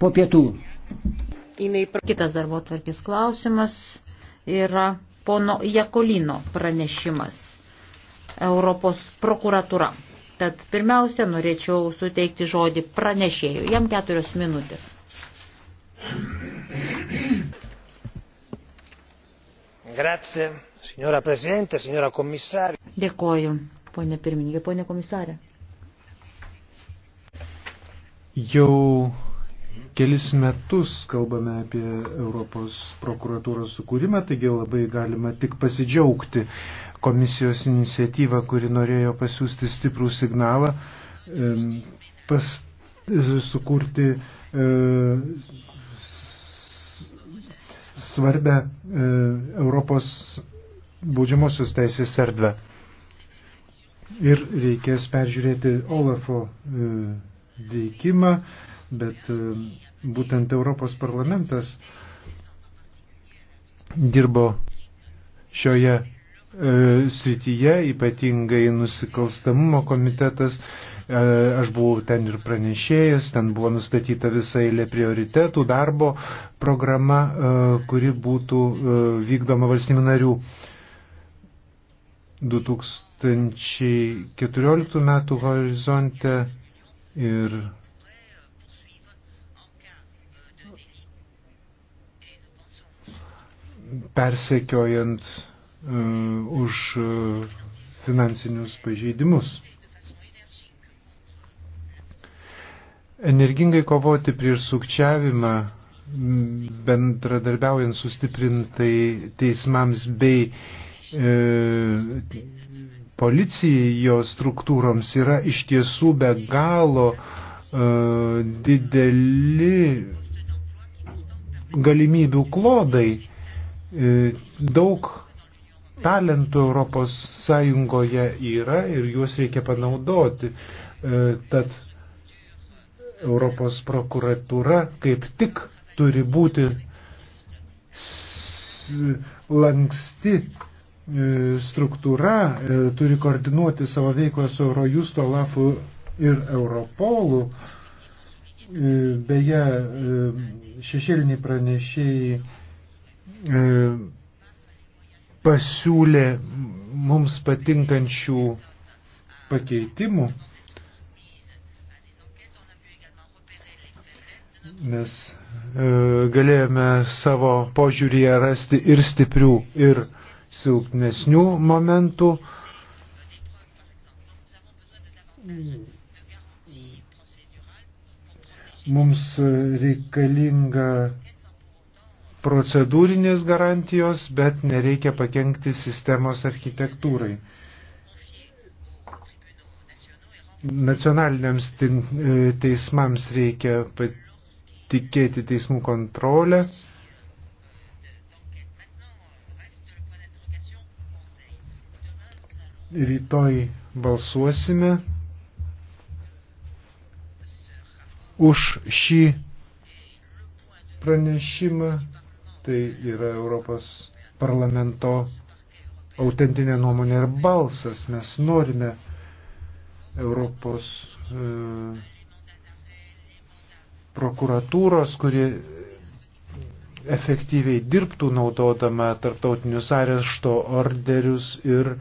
po pietų. Kitas darbo tvarkės klausimas yra pono Jakolino pranešimas Europos prokuratūra. Tad pirmiausia, norėčiau suteikti žodį pranešėjui. Jam keturios minutės. Grazie, signora Presidente, signora Komisarė. Dėkoju, ponė pirmininkė, ponė komisarė. Jau kelis metus kalbame apie Europos prokuratūros sukūrimą, taigi labai galima tik pasidžiaugti komisijos iniciatyvą, kuri norėjo pasiūsti stiprų signalą, pas, sukurti e, svarbę e, Europos baudžiamosios teisės erdvę. Ir reikės peržiūrėti Olafo e, veikimą. E, bet e, būtent Europos parlamentas dirbo šioje e, srityje, ypatingai nusikalstamumo komitetas. E, aš buvau ten ir pranešėjas, ten buvo nustatyta visa eilė prioritetų, darbo programa, e, kuri būtų e, vykdoma valstybių narių. 2014 metų horizonte ir persekiojant e, už e, finansinius pažeidimus. Energingai kovoti prieš sukčiavimą, bendradarbiaujant sustiprintai teismams bei e, policijos struktūroms yra iš tiesų be galo e, dideli galimybių klodai E, daug talentų Europos Sąjungoje yra ir juos reikia panaudoti. E, tad Europos prokuratūra kaip tik turi būti lanksti e, struktūra, turi koordinuoti savo veiklą su Eurojusto, Olafu ir Europolu. Beje, šešėliniai pranešėjai E, pasiūlė mums patinkančių pakeitimų. Mes e, galėjome savo požiūrėje rasti ir stiprių, ir silpnesnių momentų. Mums reikalinga procedūrinės garantijos, bet nereikia pakengti sistemos architektūrai. Nacionaliniams e, teismams reikia patikėti teismų kontrolę. Rytoj balsuosime už šį pranešimą tai yra Europos parlamento autentinė nuomonė ir balsas. Mes norime Europos e, prokuratūros, kuri efektyviai dirbtų naudodama tarptautinius arešto orderius ir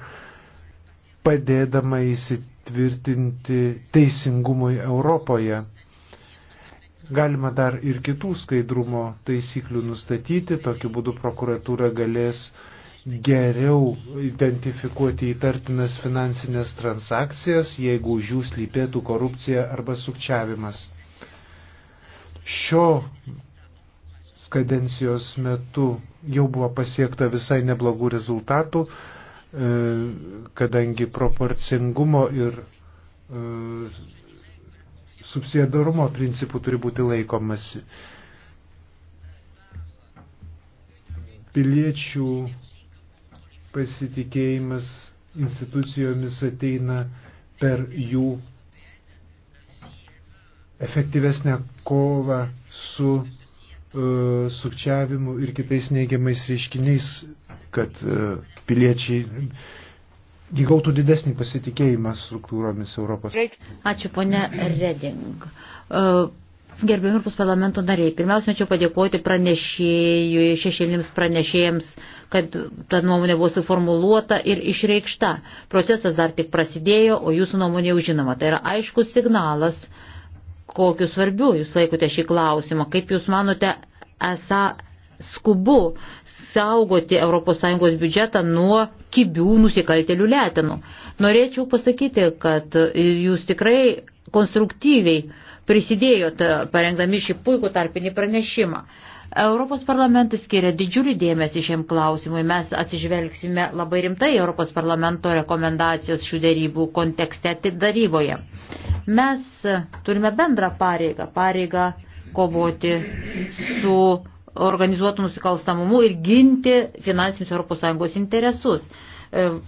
padėdama įsitvirtinti teisingumui Europoje. Galima dar ir kitų skaidrumo taisyklių nustatyti, tokiu būdu prokuratūra galės geriau identifikuoti įtartinas finansinės transakcijas, jeigu už jų slypėtų korupcija arba sukčiavimas. Šio kadencijos metu jau buvo pasiekta visai neblagų rezultatų, e, kadangi proporcingumo ir e, subsidiarumo principų turi būti laikomasi. Piliečių pasitikėjimas institucijomis ateina per jų efektyvesnę kovą su uh, sukčiavimu ir kitais neigiamais reiškiniais, kad uh, piliečiai įgautų didesnį pasitikėjimą struktūromis Europos. Ačiū, ponė Reding. E, gerbiami Europos parlamento nariai, pirmiausia, norėčiau padėkoti pranešėjui, šešėlėms pranešėjams, kad ta nuomonė buvo suformuluota ir išreikšta. Procesas dar tik prasidėjo, o jūsų nuomonė jau žinoma. Tai yra aiškus signalas, kokiu svarbiu jūs laikote šį klausimą, kaip jūs manote, esą skubu saugoti ES biudžetą nuo kibių nusikaltelių letenų. Norėčiau pasakyti, kad jūs tikrai konstruktyviai prisidėjote parengdami šį puikų tarpinį pranešimą. Europos parlamentas skiria didžiulį dėmesį šiam klausimui. Mes atsižvelgsime labai rimtai Europos parlamento rekomendacijos šių dėrybų kontekste daryboje. Mes turime bendrą pareigą, pareigą kovoti su organizuotų nusikalstamumu ir ginti finansinius ES interesus. E,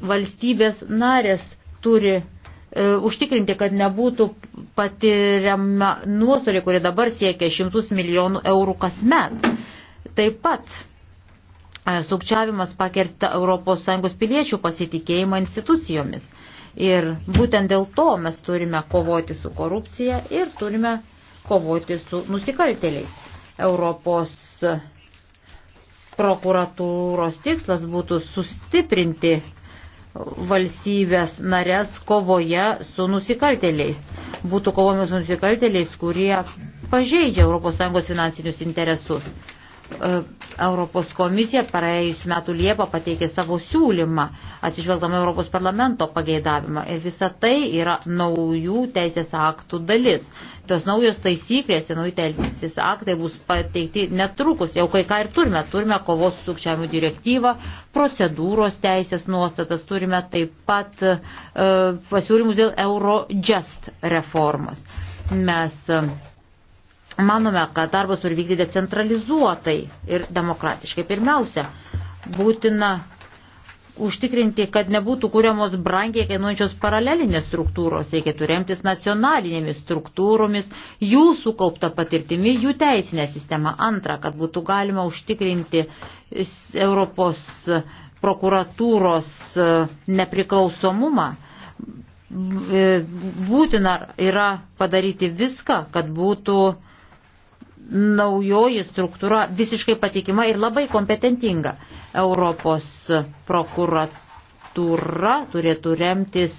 valstybės narės turi e, užtikrinti, kad nebūtų patiriama nuostoliai, kurie dabar siekia šimtus milijonų eurų kasmet. Taip pat e, sukčiavimas pakerta ES piliečių pasitikėjimą institucijomis. Ir būtent dėl to mes turime kovoti su korupcija ir turime kovoti su nusikaltėliais. Europos prokuratūros tikslas būtų sustiprinti valstybės narės kovoje su nusikaltėliais. Būtų kovojami su nusikaltėliais, kurie pažeidžia ES finansinius interesus. E, Europos komisija praėjusiu metu Liepą pateikė savo siūlymą, atsižvelgdama Europos parlamento pageidavimą. Ir visa tai yra naujų teisės aktų dalis. Tos naujos taisyklės, nauji teisės aktai bus pateikti netrukus. Jau kai ką ir turime. Turime kovos su sukčiavimu direktyvą, procedūros teisės nuostatas, turime taip pat e, pasiūlymus dėl Eurojust reformos. Mes e, Manome, kad darbas turi vykdyti decentralizuotai ir demokratiškai. Pirmiausia, būtina užtikrinti, kad nebūtų kūriamos brangiai kainuojančios paralelinės struktūros, reikėtų remtis nacionalinėmis struktūromis, jų sukaupta patirtimi, jų teisinė sistema. Antra, kad būtų galima užtikrinti Europos prokuratūros e, nepriklausomumą. E, būtina yra padaryti viską, kad būtų uh, naujoji struktūra visiškai patikima ir labai kompetentinga. Europos prokuratūra turėtų remtis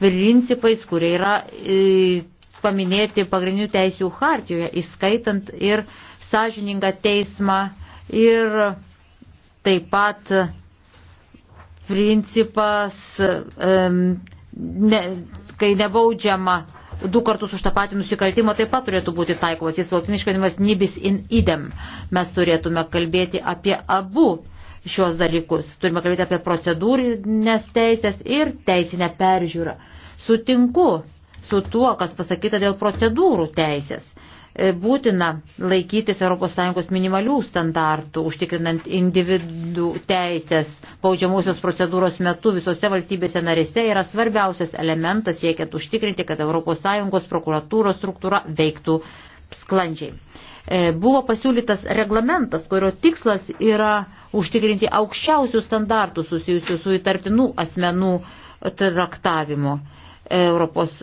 principais, kurie yra e, paminėti pagrindinių teisių hartijoje, įskaitant ir sąžiningą teismą ir taip pat principas, ne, kai nebaudžiama du kartus už tą patį nusikaltimą taip pat turėtų būti taikomas. Jis latiniškai vadinamas nibis in idem. Mes turėtume kalbėti apie abu šios dalykus. Turime kalbėti apie procedūrinės teisės ir teisinę peržiūrą. Sutinku su tuo, kas pasakyta dėl procedūrų teisės. E, būtina laikytis ES minimalių standartų, užtikrinant individų teisės baudžiamosios procedūros metu visose valstybėse narėse yra svarbiausias elementas siekiant užtikrinti, kad ES prokuratūros struktūra veiktų sklandžiai. E, buvo pasiūlytas reglamentas, kurio tikslas yra užtikrinti aukščiausius standartus susijusius su įtartinų asmenų traktavimu. E, Europos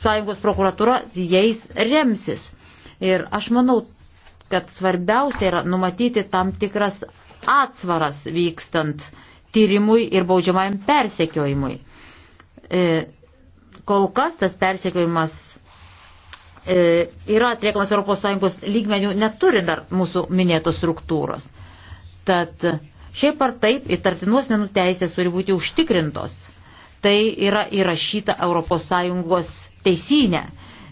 sąjungos prokuratūra jais remsis. Ir aš manau, kad svarbiausia yra numatyti tam tikras atsvaras vykstant tyrimui ir baudžiamajam persekiojimui. E, kol kas tas persekiojimas e, yra atliekamas ES lygmenių, neturi dar mūsų minėtos struktūros. Tad šiaip ar taip įtartinuos menų teisės turi būti užtikrintos. Tai yra įrašyta ES teisinę.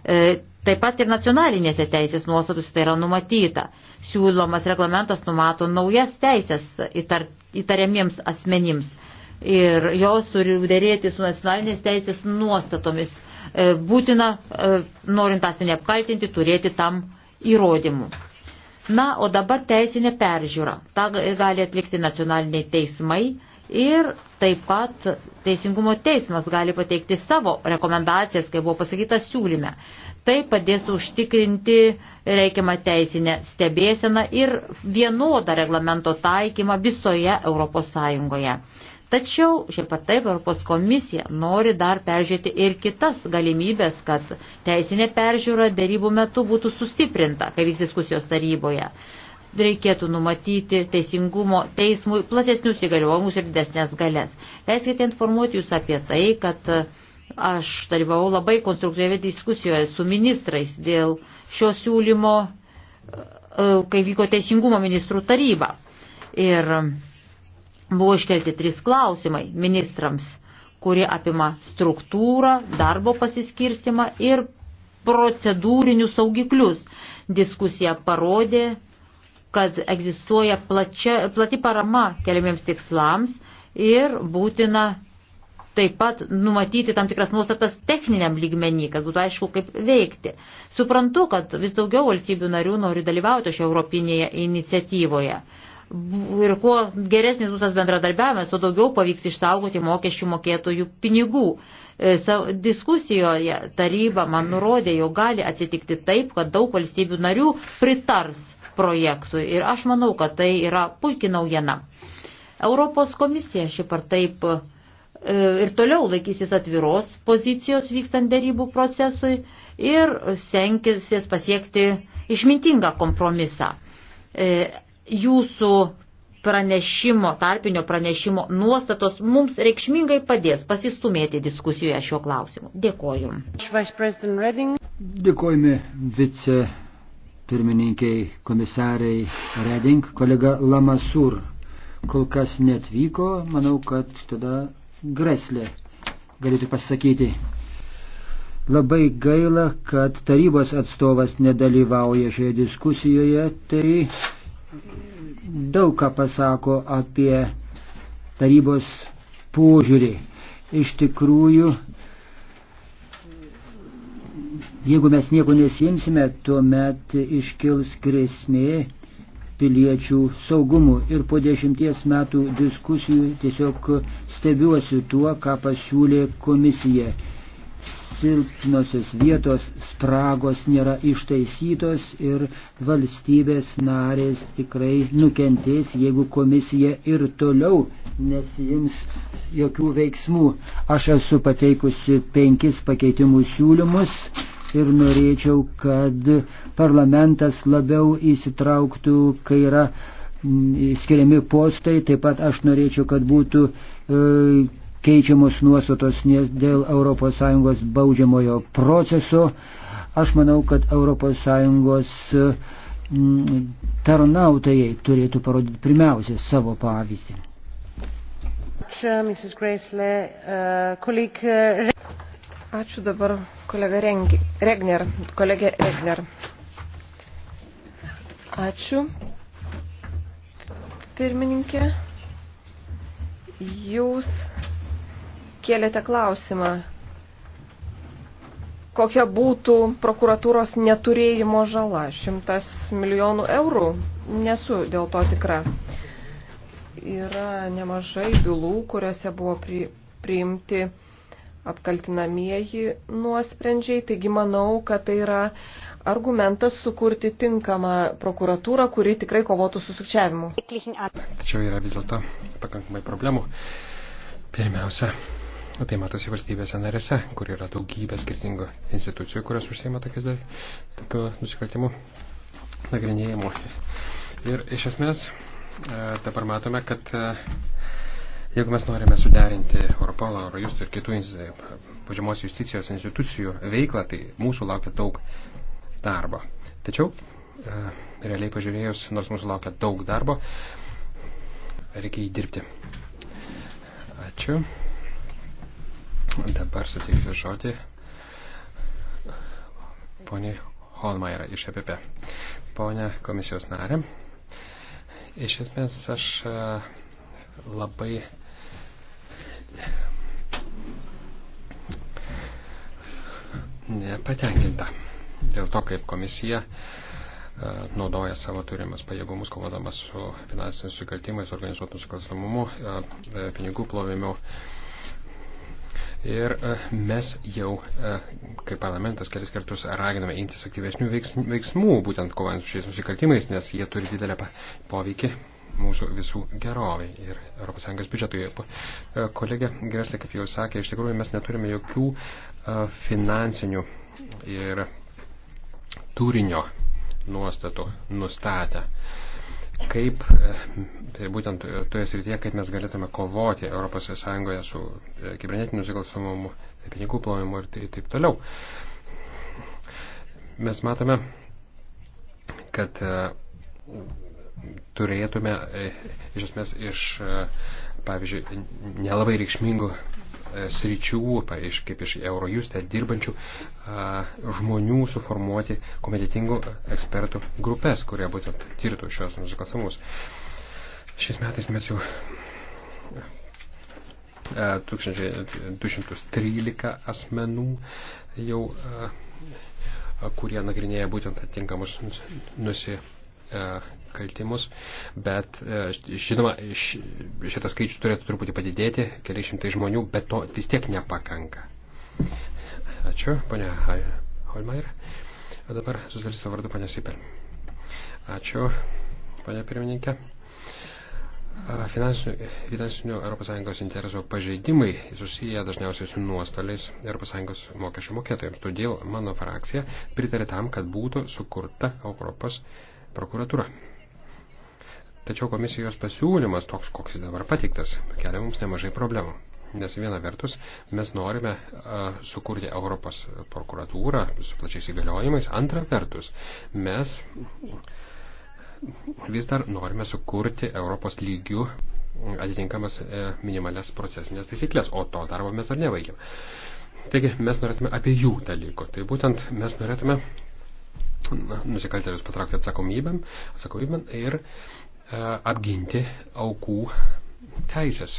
E, taip pat ir nacionalinėse teisės nuostatus tai yra numatyta. Siūlomas reglamentas numato naujas teisės įtar, įtariamiems asmenims ir jos turi dėrėti su nacionalinės teisės nuostatomis. E, būtina, e, norint asmenį apkaltinti, turėti tam įrodymų. Na, o dabar teisinė peržiūra. Ta gali atlikti nacionaliniai teismai Ir taip pat Teisingumo teismas gali pateikti savo rekomendacijas, kaip buvo pasakyta siūlyme. Tai padės užtikrinti reikiamą teisinę stebėseną ir vienodą reglamento taikymą visoje ES. Tačiau šiaip ar taip Europos komisija nori dar peržiūrėti ir kitas galimybės, kad teisinė peržiūra dėrybų metu būtų sustiprinta, kai vyks diskusijos taryboje reikėtų numatyti teisingumo teismui platesnius įgaliojimus ir didesnės galės. Leiskite informuoti Jūs apie tai, kad e, aš dalyvau labai konstruktyviai diskusijoje su ministrais dėl šio siūlymo, e, kai vyko teisingumo ministrų taryba. Ir e, buvo iškelti trys klausimai ministrams, kurie apima struktūrą, darbo pasiskirstimą ir procedūrinius saugiklius. Diskusija parodė, kad egzistuoja plačia, plati parama keliamiems tikslams ir būtina taip pat numatyti tam tikras nuostatas techniniam lygmenį, kad būtų aišku, kaip veikti. Suprantu, kad vis daugiau valstybių narių nori dalyvauti šioje europinėje iniciatyvoje. Ir kuo geresnis bus tas bendradarbiavimas, tuo daugiau pavyks išsaugoti mokesčių mokėtojų pinigų. E, diskusijoje taryba man nurodė, jog gali atsitikti taip, kad daug valstybių narių pritars projektui. Ir aš manau, kad tai yra puikiai naujiena. Europos komisija šiaip ar taip e, ir toliau laikysis atviros pozicijos vykstant dėrybų procesui ir senkisis pasiekti išmintingą kompromisą. E, jūsų pranešimo, tarpinio pranešimo nuostatos mums reikšmingai padės pasistumėti diskusijoje šiuo klausimu. Dėkoju. Dėkojame vice pirmininkiai komisariai Reding, kolega Lamasur kol kas netvyko, manau, kad tada Greslė galėtų pasakyti. Labai gaila, kad tarybos atstovas nedalyvauja šioje diskusijoje, tai daug ką pasako apie tarybos požiūrį. Iš tikrųjų, Jeigu mes nieko nesimsime, tuomet iškils grėsmė piliečių saugumu. Ir po dešimties metų diskusijų tiesiog stebiuosi tuo, ką pasiūlė komisija. Silpnosios vietos spragos nėra ištaisytos ir valstybės narės tikrai nukentės, jeigu komisija ir toliau nesijims jokių veiksmų. Aš esu pateikusi penkis pakeitimų siūlymus ir norėčiau, kad parlamentas labiau įsitrauktų, kai yra mm, skiriami postai. Taip pat aš norėčiau, kad būtų e, keičiamos nuostatos dėl ES baudžiamojo proceso. Aš manau, kad ES e, mm, tarnautojai turėtų parodyti pirmiausia savo pavyzdį. Ačiū, Mrs. Graisley. Uh, e, kolik, uh... Ačiū dabar kolega Rengi, Regner, kolegė Regner. Ačiū. Pirmininkė, jūs kėlėte klausimą, kokia būtų prokuratūros neturėjimo žala. Šimtas milijonų eurų, nesu dėl to tikra. Yra nemažai bylų, kuriuose buvo pri, priimti apkaltinamieji nuosprendžiai. Taigi manau, kad tai yra argumentas sukurti tinkamą prokuratūrą, kuri tikrai kovotų su sukčiavimu. Tačiau yra vis dėlto pakankamai problemų. Pirmiausia, tai matosi valstybėse narėse, kur yra daugybė skirtingų institucijų, kurios užsieima tokių nusikaltimų nagrinėjimų. Ir iš esmės e, dabar matome, kad e, Jeigu mes norime suderinti Europolo, Eurojustų ir kitų pažymos justicijos institucijų veiklą, tai mūsų laukia daug darbo. Tačiau, e, realiai pažiūrėjus, nors mūsų laukia daug darbo, reikia įdirbti. Ačiū. Dabar suteiksiu žodį poniai Holmairą iš EPP. Pone komisijos narė, iš esmės aš e, labai nepatenkinta dėl to, kaip komisija e, naudoja savo turimas pajėgumus, kovodamas su finansiniais nusikaltimais, organizuotų nusikalstamumu, e, e, pinigų plovimu. Ir mes jau, kaip parlamentas, kelis kartus raginame imtis aktyvesnių veiksmų, būtent kovant su šiais nusikaltimais, nes jie turi didelę poveikį mūsų visų gerovai ir ES biudžetui. E, kolegė Greslė, kaip jau sakė, iš tikrųjų mes neturime jokių e, finansinių ir turinio nuostatų nustatę kaip e, tai būtent toje srityje, kaip mes galėtume kovoti ES su kibernetiniu nusikalstamumu, pinigų plovimu ir taip, taip toliau. Mes matome, kad turėtume e, iš esmės iš, e, pavyzdžiui, nelabai reikšmingų e, sričių, pavyzdžiui, kaip iš Eurojuste dirbančių žmonių suformuoti kompetitingų ekspertų grupės, kurie būtent tirtų šios nusikalstamus. Šiais metais mes jau 1213 asmenų jau kurie nagrinėja būtent atitinkamus nusikalstamus E, kaltimus, bet e, žinoma, šitas skaičius turėtų truputį padidėti, keli šimtai žmonių, bet to vis tiek nepakanka. Ačiū, ponia Holmair. O dabar socialisto vardu ponia Sipel. Ačiū, ponia pirmininkė. Finansinių, finansinių ES interesų pažeidimai susiję dažniausiai su nuostoliais ES mokesčių mokėtojams. Todėl mano frakcija pritarė tam, kad būtų sukurta Europos prokuratūra. Tačiau komisijos pasiūlymas, toks koks jis dabar patiktas, kelia mums nemažai problemų. Nes viena vertus mes norime uh, sukurti Europos prokuratūrą su plačiais įgaliojimais, antra vertus mes vis dar norime sukurti Europos lygių atitinkamas uh, e, minimalias procesinės taisyklės, o to darbo mes dar nevaikėm. Taigi mes norėtume abiejų dalykų. Tai būtent mes norėtume nusikaltėlius patraukti atsakomybėm, atsakomybėm ir e, apginti aukų teisės.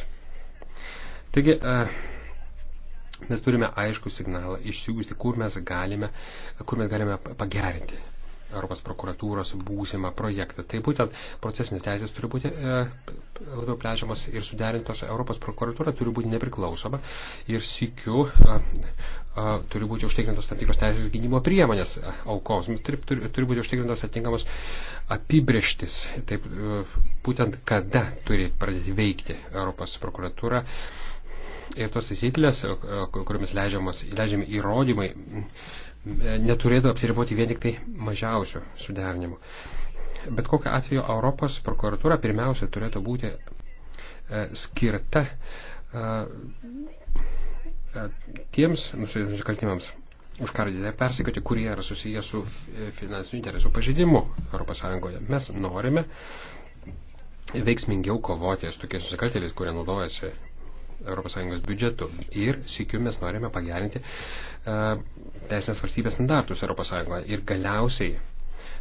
Taigi, e, mes turime aišku signalą išsiųsti, kur mes galime, kur mes galime pagerinti Europos prokuratūros būsimą projektą. Tai būtent procesinės teisės turi būti e, labiau plečiamas ir suderintas Europos prokuratūra turi būti nepriklausoma ir sikiu a, a, turi būti užtikrintos tam tikros teisės gynimo priemonės aukoms, turi, turi, turi būti užtikrintos atitinkamos apibrieštis, taip a, e, būtent kada turi pradėti veikti Europos prokuratūra. Ir tos įsiklės, e, kuriomis leidžiami įrodymai, neturėtų apsiriboti vien tik tai mažiausių suderinimų. Bet kokiu atveju Europos prokuratūra pirmiausia turėtų būti e, skirta e, e, tiems nusikaltimams užkardyti, tai persikoti, kurie yra susiję su finansinių interesų pažeidimu ES. Mes norime veiksmingiau kovoti su tokiais nusikaltėliais, kurie naudojasi ES biudžetu. Ir sikiu mes norime pagerinti teisinės valstybės standartus ES. Ir galiausiai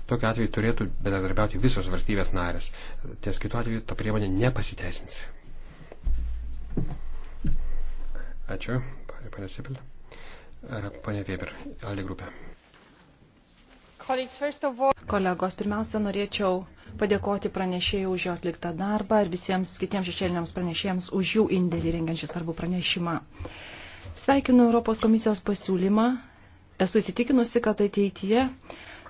Tokiu atveju turėtų bendradarbiauti visos valstybės narės, ties kitu atveju ta priemonė nepasiteisins. Ačiū, panė Sipil. Pane Weber, Ali grupė. Kolegos, pirmiausia, norėčiau padėkoti pranešėjai už jo atliktą darbą ir visiems kitiems šešėliniams pranešėjams už jų indėlį rengiančią svarbų pranešimą. Sveikinu Europos komisijos pasiūlymą. Esu įsitikinusi, kad ateityje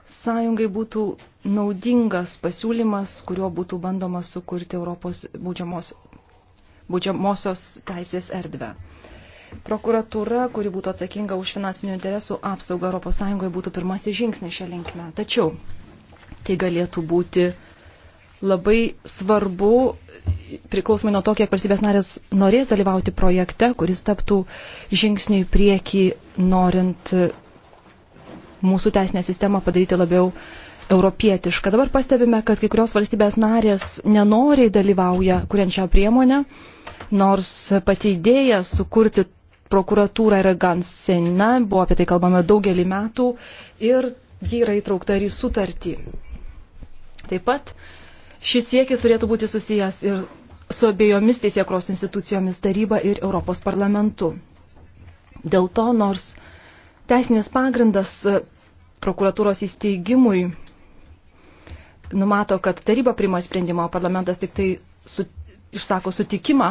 sąjungai būtų naudingas pasiūlymas, kuriuo būtų bandoma sukurti Europos būdžiamos, būdžiamosios teisės erdvę. Prokuratūra, kuri būtų atsakinga už finansinių interesų apsaugą ES, būtų pirmasis žingsnis šią linkmę. Tačiau tai galėtų būti labai svarbu, priklausomai nuo to, kiek valstybės narės norės dalyvauti projekte, kuris taptų žingsniui prieki norint mūsų teisinę sistemą padaryti labiau europietišką. Dabar pastebime, kad kai kurios valstybės narės nenoriai dalyvauja kuriant šią priemonę, nors pati idėja sukurti prokuratūrą yra gan sena, buvo apie tai kalbama daugelį metų ir ji yra įtraukta ir į sutartį. Taip pat šis siekis turėtų būti susijęs ir su abiejomis teisėkros institucijomis taryba ir Europos parlamentu. Dėl to, nors Teisinės pagrindas e, prokuratūros įsteigimui numato, kad taryba priima sprendimą, o parlamentas tik tai su, išsako sutikimą.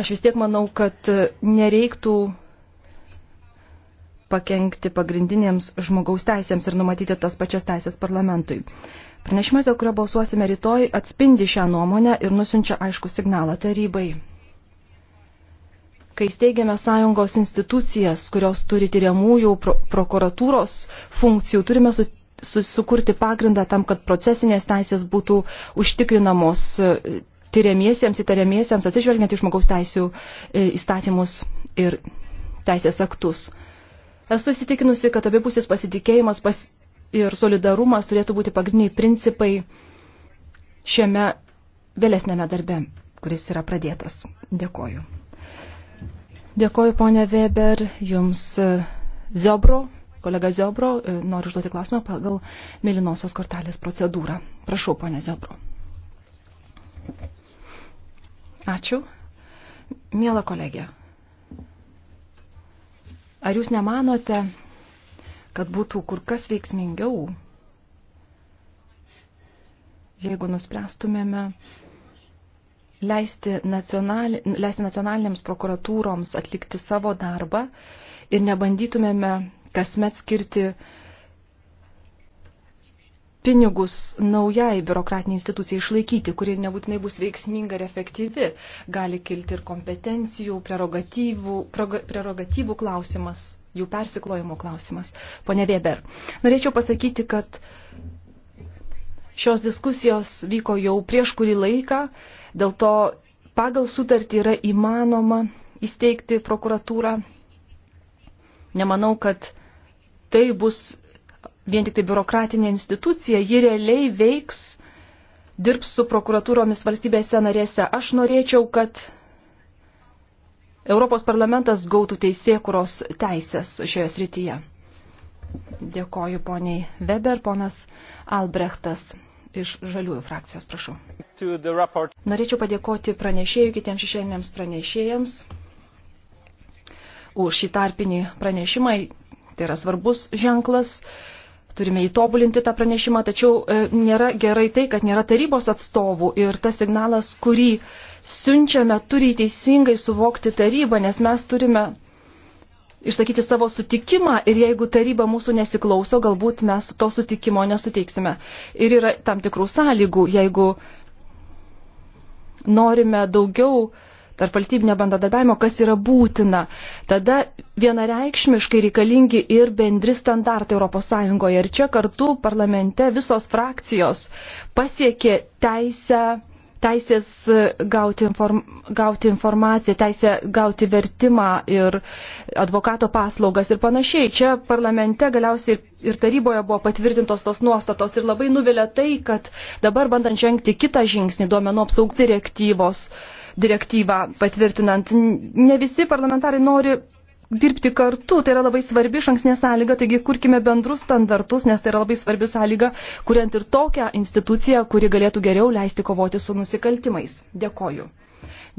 Aš vis tiek manau, kad e, nereiktų pakengti pagrindinėms žmogaus teisėms ir numatyti tas pačias teisės parlamentui. Pranešimas, dėl kurio balsuosime rytoj, atspindi šią nuomonę ir nusinčia aišku signalą tarybai kai steigiame sąjungos institucijas, kurios turi tyriamųjų pro prokuratūros funkcijų, turime su, su, sukurti pagrindą tam, kad procesinės teisės būtų užtikrinamos e, tyriamiesiems, įtariamiesiems, atsižvelgiant į žmogaus teisų e, įstatymus ir teisės aktus. Esu įsitikinusi, kad abipusės pasitikėjimas pas ir solidarumas turėtų būti pagrindiniai principai šiame vėlesnėme darbe, kuris yra pradėtas. Dėkoju. Dėkoju, ponė Weber, jums e, Ziobro, kolega Ziobro, e, noriu užduoti klausimą pagal mėlynosios kortelės procedūrą. Prašau, ponė Ziobro. Ačiū. Miela kolegė, ar jūs nemanote, kad būtų kur kas veiksmingiau, jeigu nuspręstumėme leisti, nacionali, leisti nacionalinėms prokuratūroms atlikti savo darbą ir nebandytumėme kasmet skirti pinigus naujai biurokratiniai institucijai išlaikyti, kuri nebūtinai bus veiksminga ir efektyvi. Gali kilti ir kompetencijų, prerogatyvų, prerogatyvų klausimas, jų persiklojimo klausimas. Pone Weber, norėčiau pasakyti, kad šios diskusijos vyko jau prieš kurį laiką Dėl to pagal sutartį yra įmanoma įsteigti prokuratūrą. Nemanau, kad tai bus vien tik tai biurokratinė institucija, ji realiai veiks, dirbs su prokuratūromis valstybėse narėse. Aš norėčiau, kad Europos parlamentas gautų teisėkuros teisės šioje srityje. Dėkoju poniai Weber, ponas Albrechtas iš žaliųjų frakcijos, prašau. Norėčiau padėkoti pranešėjų, kitiems šešėliniams pranešėjams už šį tarpinį pranešimą. Tai yra svarbus ženklas. Turime įtobulinti tą pranešimą, tačiau e, nėra gerai tai, kad nėra tarybos atstovų ir tas signalas, kurį siunčiame, turi teisingai suvokti tarybą, nes mes turime išsakyti savo sutikimą ir jeigu taryba mūsų nesiklauso, galbūt mes to sutikimo nesuteiksime. Ir yra tam tikrų sąlygų, jeigu norime daugiau tarp valstybinio bendradarbiavimo, kas yra būtina, tada vienareikšmiškai reikalingi ir bendri standartai ES. Ir čia kartu parlamente visos frakcijos pasiekė teisę teisės e, gauti, inform, gauti informaciją, teisę gauti vertimą ir advokato paslaugas ir panašiai. Čia parlamente galiausiai ir taryboje buvo patvirtintos tos nuostatos ir labai nuvilia tai, kad dabar bandant žengti kitą žingsnį duomenų apsaugų direktyvos direktyvą patvirtinant, ne visi parlamentarai nori dirbti kartu. Tai yra labai svarbi šanksnė sąlyga, taigi kurkime bendrus standartus, nes tai yra labai svarbi sąlyga, kuriant ir tokią instituciją, kuri galėtų geriau leisti kovoti su nusikaltimais. Dėkoju.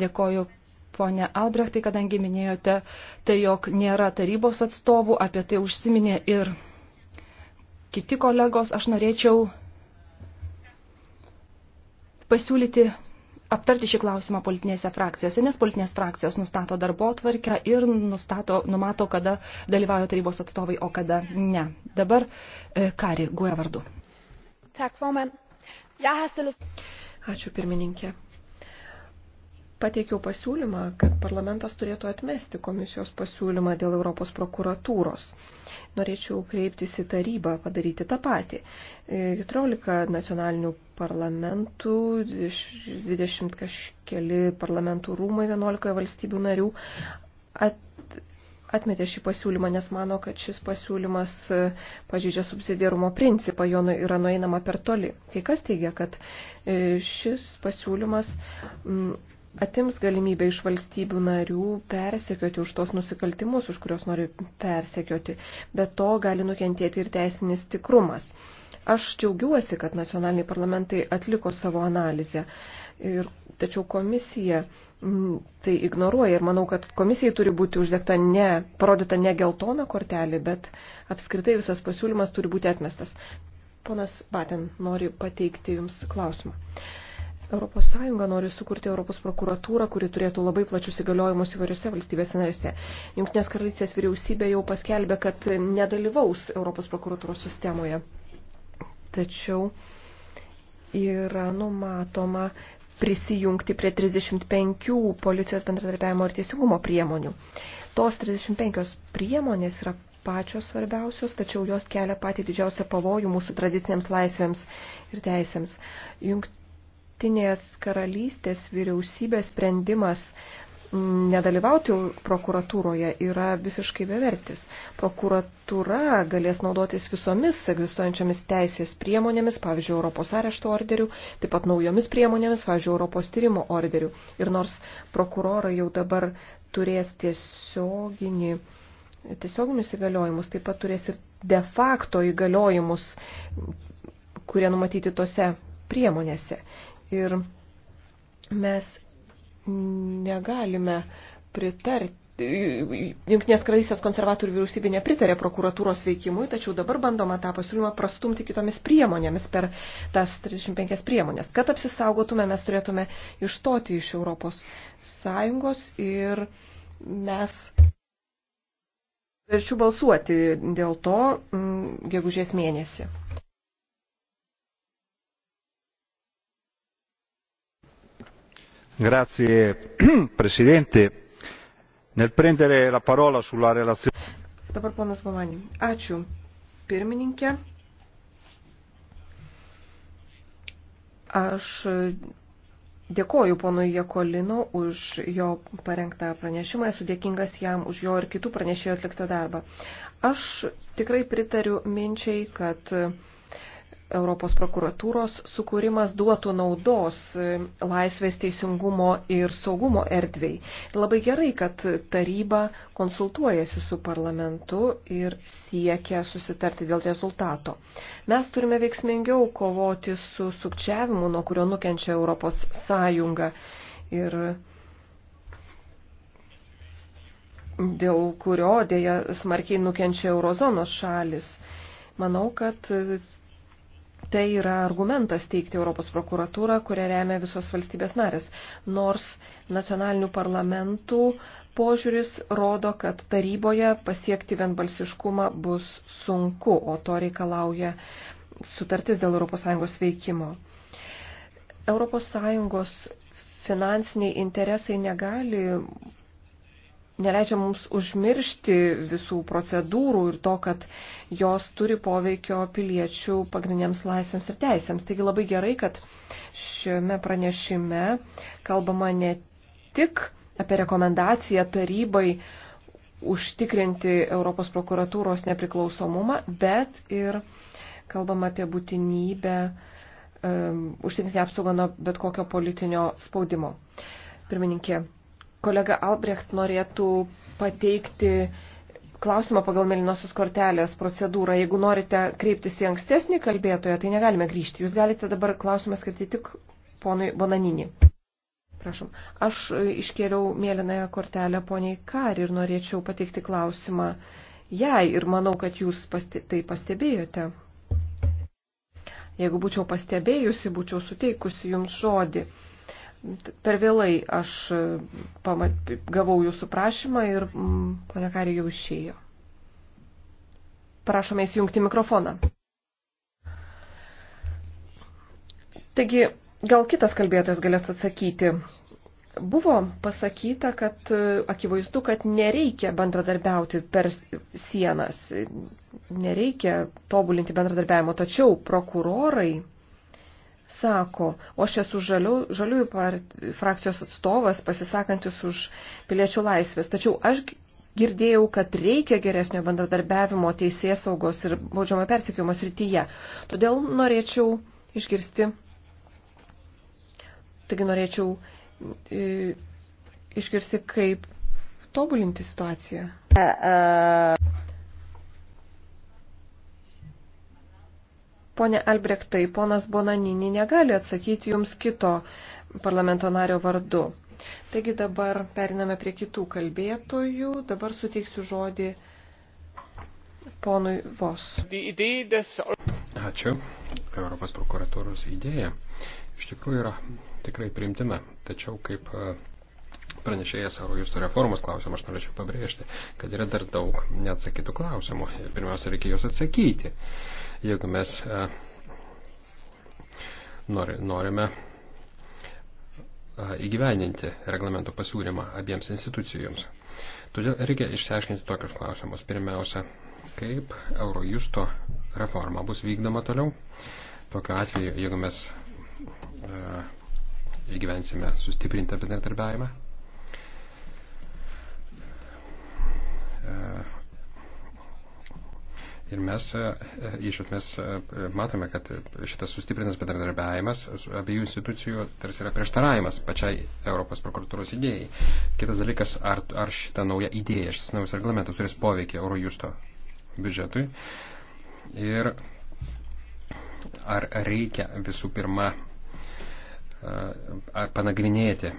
Dėkoju. Pone Albrechtai, kadangi minėjote, tai jog nėra tarybos atstovų, apie tai užsiminė ir kiti kolegos, aš norėčiau pasiūlyti aptarti šį klausimą politinėse frakcijose, nes politinės frakcijos nustato darbo tvarkę ir nustato, numato, kada dalyvauja tarybos atstovai, o kada ne. Dabar e, Kari Guja vardu. Ačiū pirmininkė pateikiau pasiūlymą, kad parlamentas turėtų atmesti komisijos pasiūlymą dėl Europos prokuratūros. Norėčiau kreiptis į tarybą padaryti tą patį. 14 e, nacionalinių parlamentų, 20 kažkeli parlamentų rūmai 11 valstybių narių at, atmetė šį pasiūlymą, nes mano, kad šis pasiūlymas e, pažydžia subsidiarumo principą, jo nu, yra nueinama per toli. Kai kas teigia, kad e, šis pasiūlymas atims galimybę iš valstybių narių persekioti už tos nusikaltimus, už kurios nori persekioti, bet to gali nukentėti ir teisinis tikrumas. Aš džiaugiuosi, kad nacionaliniai parlamentai atliko savo analizę, ir, tačiau komisija tai ignoruoja ir manau, kad komisijai turi būti uždegta ne, parodyta ne geltona kortelė, bet apskritai visas pasiūlymas turi būti atmestas. Ponas Baten nori pateikti Jums klausimą. Europos Sąjunga nori sukurti Europos prokuratūrą, kuri turėtų labai plačius įgaliojimus įvairiose valstybės narėse. Junktinės karalystės vyriausybė jau paskelbė, kad nedalyvaus Europos prokuratūros sistemoje. Tačiau yra numatoma prisijungti prie 35 policijos bendradarbiavimo ir teisingumo priemonių. Tos 35 priemonės yra pačios svarbiausios, tačiau jos kelia patį didžiausią pavojų mūsų tradiciniams laisvėms ir teisėms. Jungt Jungtinės karalystės vyriausybės sprendimas nedalyvauti prokuratūroje yra visiškai bevertis. Prokuratūra galės naudotis visomis egzistuojančiomis teisės priemonėmis, pavyzdžiui, Europos arešto orderių, taip pat naujomis priemonėmis, pavyzdžiui, Europos tyrimo orderių. Ir nors prokurorai jau dabar turės tiesioginį, tiesioginius įgaliojimus, taip pat turės ir de facto įgaliojimus, kurie numatyti tose priemonėse. Ir mes negalime pritarti. Junktinės karalystės konservatorių vyriausybė nepritarė prokuratūros veikimui, tačiau dabar bandoma tą pasiūlymą prastumti kitomis priemonėmis per tas 35 priemonės. Kad apsisaugotume, mes turėtume išstoti iš Europos Sąjungos ir mes verčiu balsuoti dėl to mm, gegužės mėnesį. signor presidente nel prendere la parola sulla relazione. dabar ponas pamani ačiū pirmininke aš dėkoju ponui jakolino už jo parengtą pranešimą esu dėkingas jam už jo ir kitų pranešėjų atliktą darbą aš tikrai pritariu minčiai kad Europos prokuratūros sukūrimas duotų naudos e, laisvės teisingumo ir saugumo erdvei. Labai gerai, kad taryba konsultuojasi su parlamentu ir siekia susitarti dėl rezultato. Mes turime veiksmingiau kovoti su sukčiavimu, nuo kurio nukenčia Europos Sąjunga. Ir dėl kurio dėja smarkiai nukenčia eurozonos šalis. Manau, kad tai yra argumentas teikti Europos prokuratūrą, kurią remia visos valstybės narės. Nors nacionalinių parlamentų požiūris rodo, kad taryboje pasiekti vienbalsiškumą bus sunku, o to reikalauja sutartis dėl ES veikimo. ES finansiniai interesai negali neleidžia mums užmiršti visų procedūrų ir to, kad jos turi poveikio piliečių pagrindiniams laisvėms ir teisėms. Taigi labai gerai, kad šiame pranešime kalbama ne tik apie rekomendaciją tarybai užtikrinti Europos prokuratūros nepriklausomumą, bet ir kalbama apie būtinybę um, užtikrinti apsaugą nuo bet kokio politinio spaudimo. Pirmininkė, kolega Albrecht norėtų pateikti klausimą pagal Melinosios kortelės procedūrą. Jeigu norite kreiptis į ankstesnį kalbėtoją, tai negalime grįžti. Jūs galite dabar klausimą skirti tik ponui Bonaninį. Prašom. Aš iškėliau mėlynąją kortelę poniai Kar ir norėčiau pateikti klausimą jai ir manau, kad jūs paste, tai pastebėjote. Jeigu būčiau pastebėjusi, būčiau suteikusi jums žodį per vėlai aš e, pamat, gavau jūsų prašymą ir mm, ponia Kari jau išėjo. Prašome įsijungti mikrofoną. Taigi, gal kitas kalbėtojas galės atsakyti. Buvo pasakyta, kad e, akivaizdu, kad nereikia bendradarbiauti per sienas, nereikia tobulinti bendradarbiavimo, tačiau prokurorai sako, o aš esu žalių, žaliųjų part, frakcijos atstovas, pasisakantis už piliečių laisvės. Tačiau aš girdėjau, kad reikia geresnio bendradarbiavimo teisės saugos ir baudžiamo persikėjimo srityje. Todėl norėčiau išgirsti, taigi norėčiau e, išgirsti, kaip tobulinti situaciją. E, e. Pone Albrechtai, ponas Bonanini negali atsakyti jums kito parlamento nario vardu. Taigi dabar periname prie kitų kalbėtojų. Dabar suteiksiu žodį ponui Vos. Ačiū. Europos prokuratūros idėja iš tikrųjų yra tikrai primtina. Tačiau kaip pranešėjas Eurojusto reformos klausimą, aš norėčiau pabrėžti, kad yra dar daug neatsakytų klausimų. Pirmiausia, reikia juos atsakyti. Jeigu mes e, nori, norime e, įgyveninti reglamento pasiūlymą abiems institucijoms. Todėl reikia išsiaiškinti tokius klausimus. Pirmiausia, kaip Eurojusto reforma bus vykdoma toliau. Tokiu atveju, jeigu mes e, įgyvensime sustiprintą bendradarbiavimą, E, ir mes e, e, iš esmės matome, kad šitas sustiprintas bendradarbiavimas abiejų institucijų tarsi yra prieštaravimas pačiai Europos prokuratūros idėjai. Kitas dalykas, ar, ar šita nauja idėja, šitas naujas reglamentas turės poveikį Eurojusto biudžetui. Ir ar reikia visų pirma panagrinėti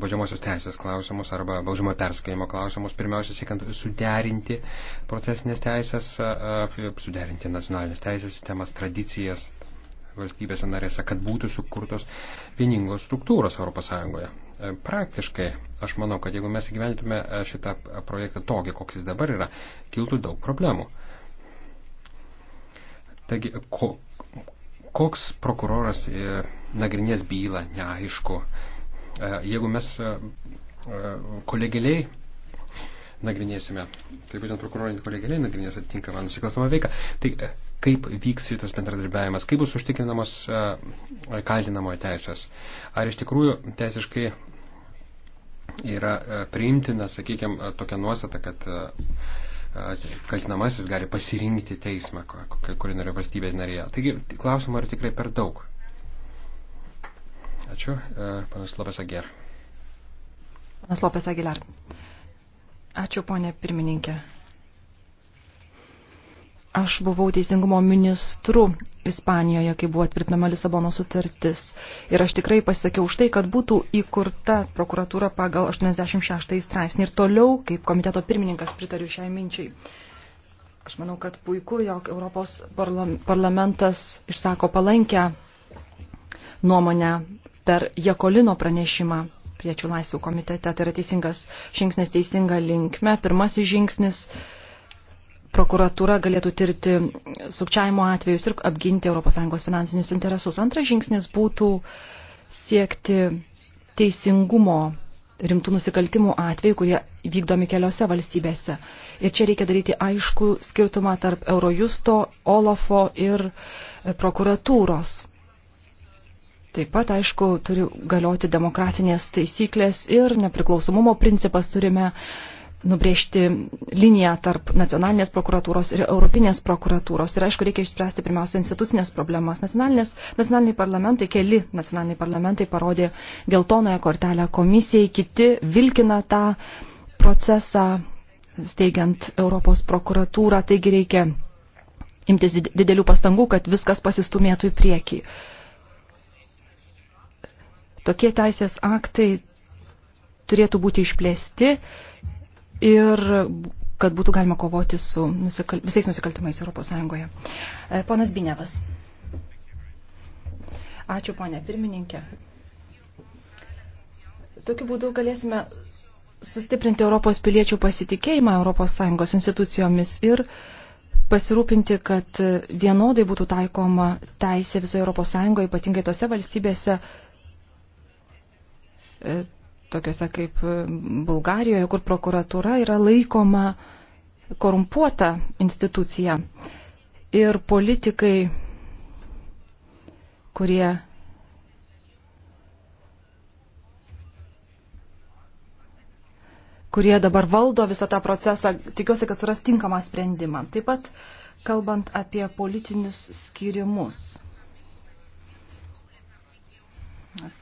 baudžiamosios teisės klausimus arba baudžiamo perskaimo klausimus, pirmiausia, siekiant suderinti procesinės teisės, suderinti nacionalinės teisės sistemas, tradicijas valstybėse narėse, kad būtų sukurtos vieningos struktūros ES. E, praktiškai, aš manau, kad jeigu mes įgyvenitume e, šitą projektą tokį, koks jis dabar yra, kiltų daug problemų. Taigi, ko, koks prokuroras e, nagrinės bylą, neaišku. E, jeigu mes e, e, kolegeliai nagrinėsime, tai būtent prokurorai kolegeliai nagrinės atitinkamą nusikalstamą veiką, tai kaip vyks šitas bendradarbiavimas, kaip bus užtikrinamos kaltinamojo teisės, ar iš tikrųjų teisiškai yra priimtina, sakykime, tokia nuostata, kad kaltinamasis gali pasirinkti teismą, kuri norėjo valstybė narėje. Taigi, klausimų yra tikrai per daug. Ačiū. E, Panas Lopes Ager. Panas Lopes Aguilar. Ačiū, ponė pirmininkė. Aš buvau teisingumo ministru Ispanijoje, kai buvo atvirtinama Lisabono sutartis. Ir aš tikrai pasakiau už tai, kad būtų įkurta prokuratūra pagal 86 straipsnį. Ir toliau, kaip komiteto pirmininkas, pritariu šiai minčiai. Aš manau, kad puiku, jog Europos parlamentas išsako palankę nuomonę per Jekolino pranešimą priečių laisvių komitete. Tai yra teisingas žingsnis teisinga linkme. Pirmasis žingsnis prokuratūra galėtų tirti sukčiavimo atvejus ir apginti ES finansinius interesus. Antras žingsnis būtų siekti teisingumo rimtų nusikaltimų atvejų, kurie vykdomi keliose valstybėse. Ir čia reikia daryti aišku skirtumą tarp Eurojusto, Olofo ir prokuratūros. Taip pat, aišku, turi galioti demokratinės taisyklės ir nepriklausomumo principas turime nubrėžti liniją tarp nacionalinės prokuratūros ir europinės prokuratūros. Ir aišku, reikia išspręsti pirmiausia institucinės problemas. Nacionalinės, nacionaliniai parlamentai, keli nacionaliniai parlamentai parodė geltonąją kortelę komisijai, kiti vilkina tą procesą steigiant Europos prokuratūrą, taigi reikia imtis didelių pastangų, kad viskas pasistumėtų į priekį. Uh, Tokie teisės aktai turėtų būti išplėsti ir kad būtų galima kovoti su nusikal... visais nusikaltimais Europos Sąjungoje. E, ponas Binevas. Ačiū, ponė pirmininkė. Tokiu būdu galėsime sustiprinti Europos piliečių pasitikėjimą Europos Sąjungos institucijomis ir pasirūpinti, kad vienodai būtų taikoma teisė visoje Europos Sąjungoje, ypatingai tose valstybėse, E, tokiuose kaip Bulgarijoje, kur prokuratūra yra laikoma korumpuota institucija. Ir politikai, kurie kurie dabar valdo visą tą procesą, tikiuosi, kad suras tinkamą sprendimą. Taip pat, kalbant apie politinius skirimus.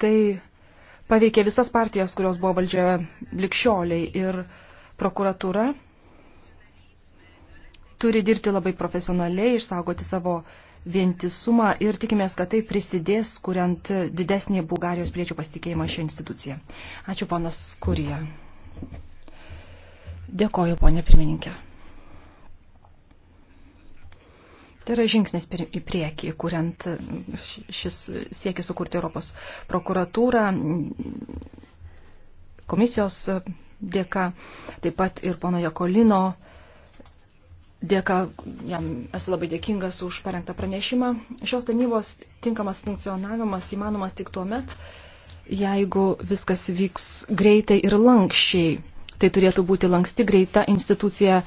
Tai paveikė visas partijas, kurios buvo valdžioje likščioliai ir prokuratūra turi dirbti labai profesionaliai, išsaugoti savo vientisumą ir tikimės, kad tai prisidės, kuriant didesnį Bulgarijos piliečių pasitikėjimą šią instituciją. Ačiū, ponas Kurija. Dėkoju, ponė pirmininkė. Tai yra žingsnis į priekį, kuriant šis siekis sukurti Europos prokuratūrą komisijos dėka, taip pat ir pono Jakolino dėka, jam esu labai dėkingas už parengtą pranešimą. Šios tarnybos tinkamas funkcionavimas įmanomas tik tuo met, jeigu viskas vyks greitai ir lankščiai Tai turėtų būti lanksti, greita institucija,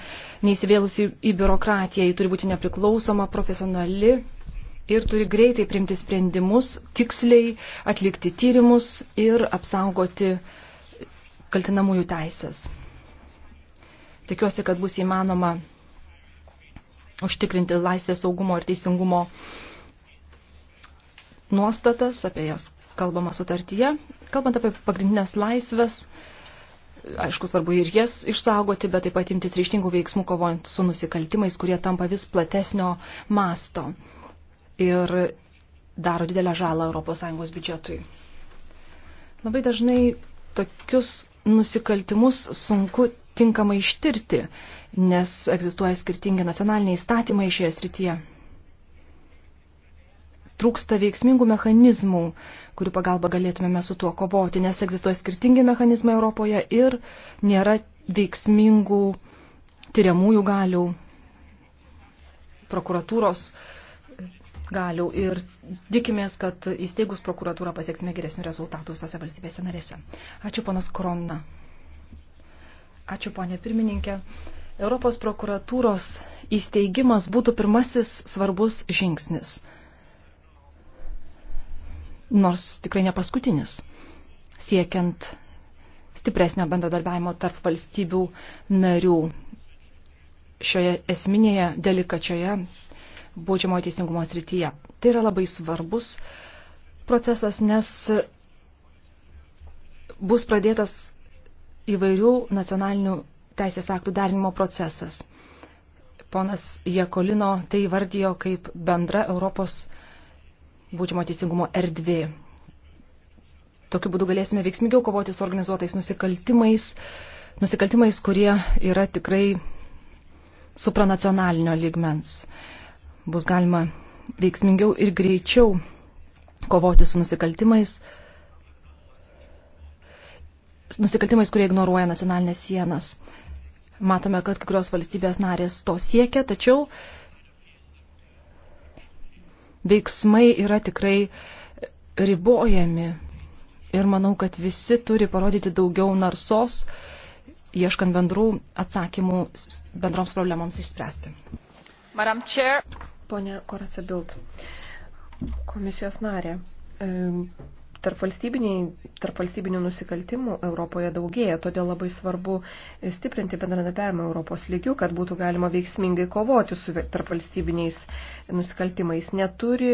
neįsivėlusi į biurokratiją, ji turi būti nepriklausoma, profesionali ir turi greitai priimti sprendimus, tiksliai atlikti tyrimus ir apsaugoti kaltinamųjų teisės. Tikiuosi, kad bus įmanoma užtikrinti laisvės saugumo ir teisingumo nuostatas, apie jas kalbama sutartyje. Kalbant apie pagrindinės laisvės, aišku, svarbu ir jas išsaugoti, bet taip pat imtis ryštingų veiksmų kovojant su nusikaltimais, kurie tampa vis platesnio masto ir daro didelę žalą ES biudžetui. Labai dažnai tokius nusikaltimus sunku tinkamai ištirti, nes egzistuoja skirtingi nacionaliniai įstatymai šioje srityje trūksta veiksmingų mechanizmų, kurių pagalba galėtumėme su tuo kovoti, nes egzistuoja skirtingi mechanizmai Europoje ir nėra veiksmingų tyriamųjų galių, prokuratūros galių ir tikimės, kad įsteigus prokuratūrą pasieksime geresnių rezultatų visose valstybėse narėse. Ačiū ponas Kromna. Ačiū ponė pirmininkė. Europos prokuratūros įsteigimas būtų pirmasis svarbus žingsnis nors tikrai ne paskutinis, siekiant stipresnio bendradarbiavimo tarp valstybių narių šioje esminėje delikačioje baudžiamojo teisingumo srityje. Tai yra labai svarbus procesas, nes bus pradėtas įvairių nacionalinių teisės aktų derinimo procesas. Ponas Jekolino tai vardijo kaip bendra Europos būdžiamo teisingumo erdvė. Tokiu būdu galėsime veiksmingiau kovoti su organizuotais nusikaltimais, nusikaltimais, kurie yra tikrai supranacionalinio lygmens. Bus galima veiksmingiau ir greičiau kovoti su nusikaltimais, nusikaltimais, kurie ignoruoja nacionalinės sienas. Matome, kad kai kurios valstybės narės to siekia, tačiau veiksmai yra tikrai ribojami. Ir manau, kad visi turi parodyti daugiau narsos, ieškant bendrų atsakymų bendroms problemoms išspręsti. Madam Chair. Pone Korasabilt, komisijos narė. Tarp, tarp valstybinių nusikaltimų Europoje daugėja, todėl labai svarbu stiprinti bendradarbiavimą Europos lygių, kad būtų galima veiksmingai kovoti su tarp valstybiniais nusikaltimais. Neturi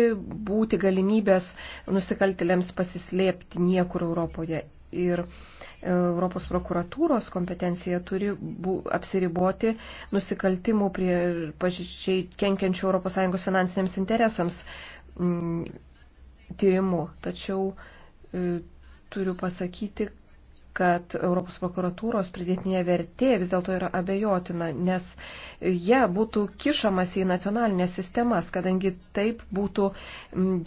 būti galimybės nusikaltėliams pasislėpti niekur Europoje. Ir e, Europos prokuratūros kompetencija turi bu, apsiriboti nusikaltimų prie pažiūrėjai kenkiančių ES finansiniams interesams tyrimu. Tačiau E, turiu pasakyti, kad Europos prokuratūros pridėtinė vertė vis dėlto yra abejotina, nes jie būtų kišamas į nacionalinės sistemas, kadangi taip būtų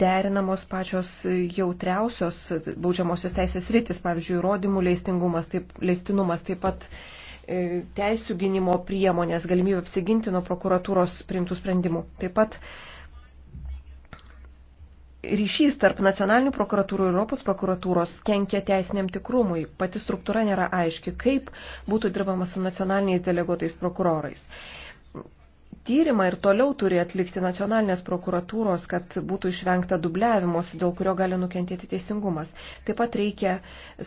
derinamos pačios jautriausios baudžiamosios teisės rytis, pavyzdžiui, įrodymų leistingumas, taip, leistinumas, taip pat e, teisų gynimo priemonės, galimybė apsiginti nuo prokuratūros priimtų sprendimų. Taip pat ryšys tarp nacionalinių prokuratūrų ir Europos prokuratūros kenkia teisiniam tikrumui. Pati struktūra nėra aiški, kaip būtų dirbama su nacionaliniais deleguotais prokurorais. Tyrimą ir toliau turi atlikti nacionalinės prokuratūros, kad būtų išvengta dubliavimuose, dėl kurio gali nukentėti teisingumas. Taip pat reikia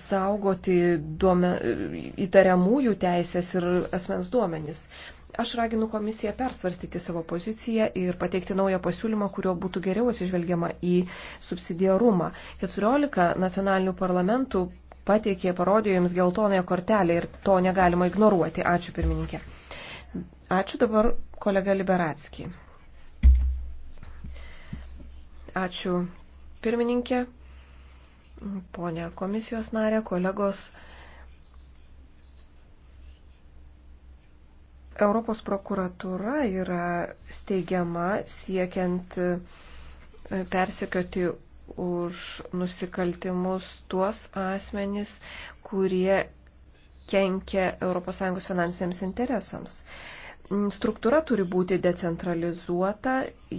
saugoti duome, įtariamųjų teisės ir asmens duomenis. Aš raginu komisiją persvarstyti savo poziciją ir pateikti naują pasiūlymą, kurio būtų geriau atsižvelgiama į subsidiarumą. 14 nacionalinių parlamentų pateikė parodė jums geltonąją kortelę ir to negalima ignoruoti. Ačiū pirmininkė. Ačiū dabar kolega Liberatski. Ačiū pirmininkė, ponė komisijos narė, kolegos. Europos prokuratūra yra steigiama siekiant e, persekioti už nusikaltimus tuos asmenys, kurie kenkia ES finansiniams interesams. Struktūra turi būti decentralizuota,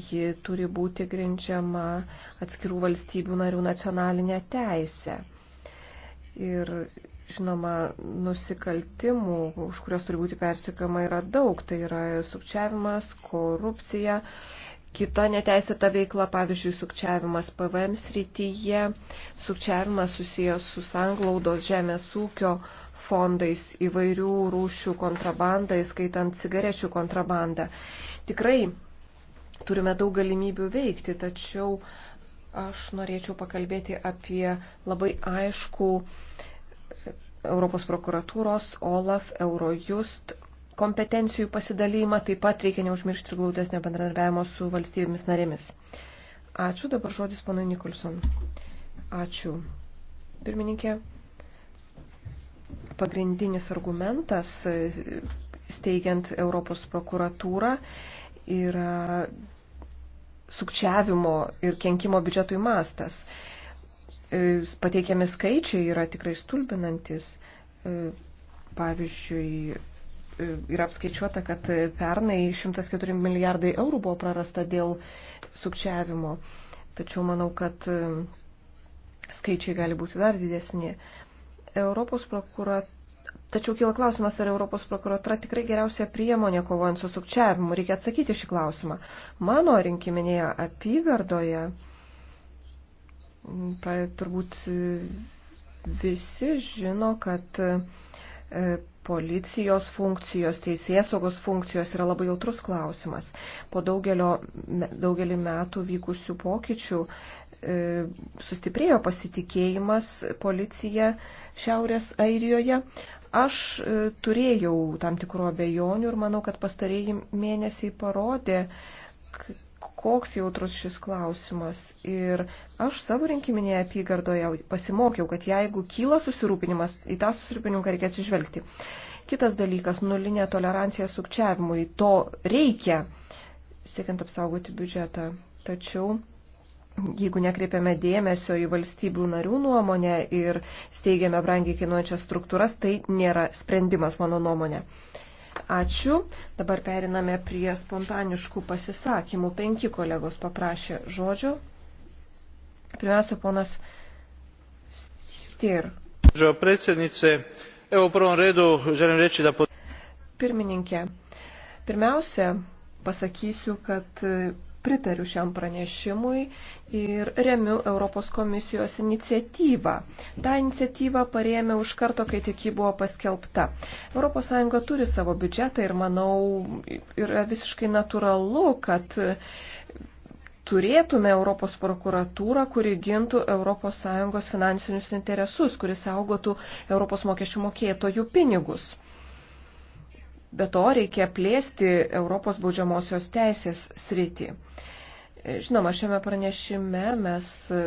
ji turi būti grindžiama atskirų valstybių narių nacionalinė teisė. Ir Žinoma, nusikaltimų, už kurios turi būti persikama, yra daug. Tai yra sukčiavimas, korupcija, kita neteisėta veikla, pavyzdžiui, sukčiavimas PVM srityje, sukčiavimas susijęs su sanglaudos žemės ūkio fondais, įvairių rūšių kontrabanda, įskaitant cigarečių kontrabandą. Tikrai turime daug galimybių veikti, tačiau aš norėčiau pakalbėti apie labai aišku Europos prokuratūros, OLAF, Eurojust kompetencijų pasidalymą, taip pat reikia neužmiršti ir glaudesnio bendradarbiavimo su valstybėmis narėmis. Ačiū, dabar žodis ponui Nikolson. Ačiū. Pirmininkė, pagrindinis argumentas e, steigiant Europos prokuratūrą yra sukčiavimo ir kenkimo biudžetui mastas. E, pateikiami skaičiai yra tikrai stulbinantis. E, pavyzdžiui, e, yra apskaičiuota, kad pernai 104 milijardai eurų buvo prarasta dėl sukčiavimo. Tačiau manau, kad skaičiai gali būti dar didesni. Europos prokurat... Tačiau kyla klausimas, ar Europos prokuratura tikrai geriausia priemonė kovojant su sukčiavimu. Reikia atsakyti šį klausimą. Mano rinkiminėje apygardoje Turbūt visi žino, kad e, policijos funkcijos, teisėsaugos funkcijos yra labai jautrus klausimas. Po daugelio, daugelį metų vykusių pokyčių e, sustiprėjo pasitikėjimas policija Šiaurės Airijoje. Aš e, turėjau tam tikrų abejonių ir manau, kad pastarėjai mėnesiai parodė, koks jautrus šis klausimas. Ir aš savo rinkiminėje apygardoje pasimokiau, kad jeigu kyla susirūpinimas, į tą susirūpinimą reikia atsižvelgti. Kitas dalykas - nulinė tolerancija sukčiavimui. To reikia, siekiant apsaugoti biudžetą. Tačiau jeigu nekreipiame dėmesio į valstybių narių nuomonę ir steigiame brangiai kainuojančias struktūras, tai nėra sprendimas mano nuomonė. Ačiū. Dabar periname prie spontaniškų pasisakymų. Penki kolegos paprašė žodžio. Pirmiausia, ponas Stier. Pirmininkė, pirmiausia, pasakysiu, kad pritariu šiam pranešimui ir remiu Europos komisijos iniciatyvą. Ta iniciatyva parėmė už karto, kai tik ji buvo paskelbta. ES turi savo biudžetą ir manau yra visiškai natūralu, kad turėtume Europos prokuratūrą, kuri gintų ES finansinius interesus, kuri saugotų Europos mokesčių mokėtojų pinigus. Be to reikia plėsti Europos baudžiamosios teisės sritį. E, žinoma, šiame pranešime mes e,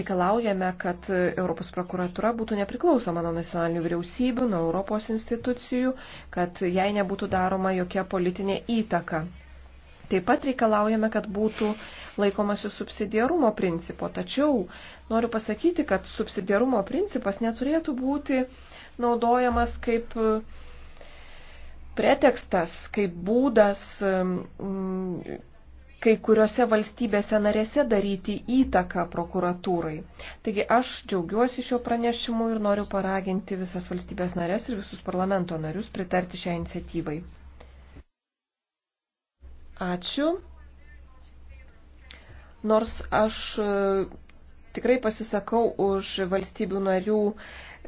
reikalaujame, kad Europos prokuratura būtų nepriklausoma nuo nacionalinių vyriausybių, nuo Europos institucijų, kad jai nebūtų daroma jokia politinė įtaka. Taip pat reikalaujame, kad būtų laikomasi subsidiarumo principo. Tačiau noriu pasakyti, kad subsidiarumo principas neturėtų būti naudojamas kaip uh, pretekstas, kaip būdas mm, kai kuriuose valstybėse narėse daryti įtaką prokuratūrai. Taigi aš džiaugiuosi šio pranešimu ir noriu paraginti visas valstybės narės ir visus parlamento narius pritarti šią iniciatyvai. Ačiū. Nors aš e, tikrai pasisakau už valstybių narių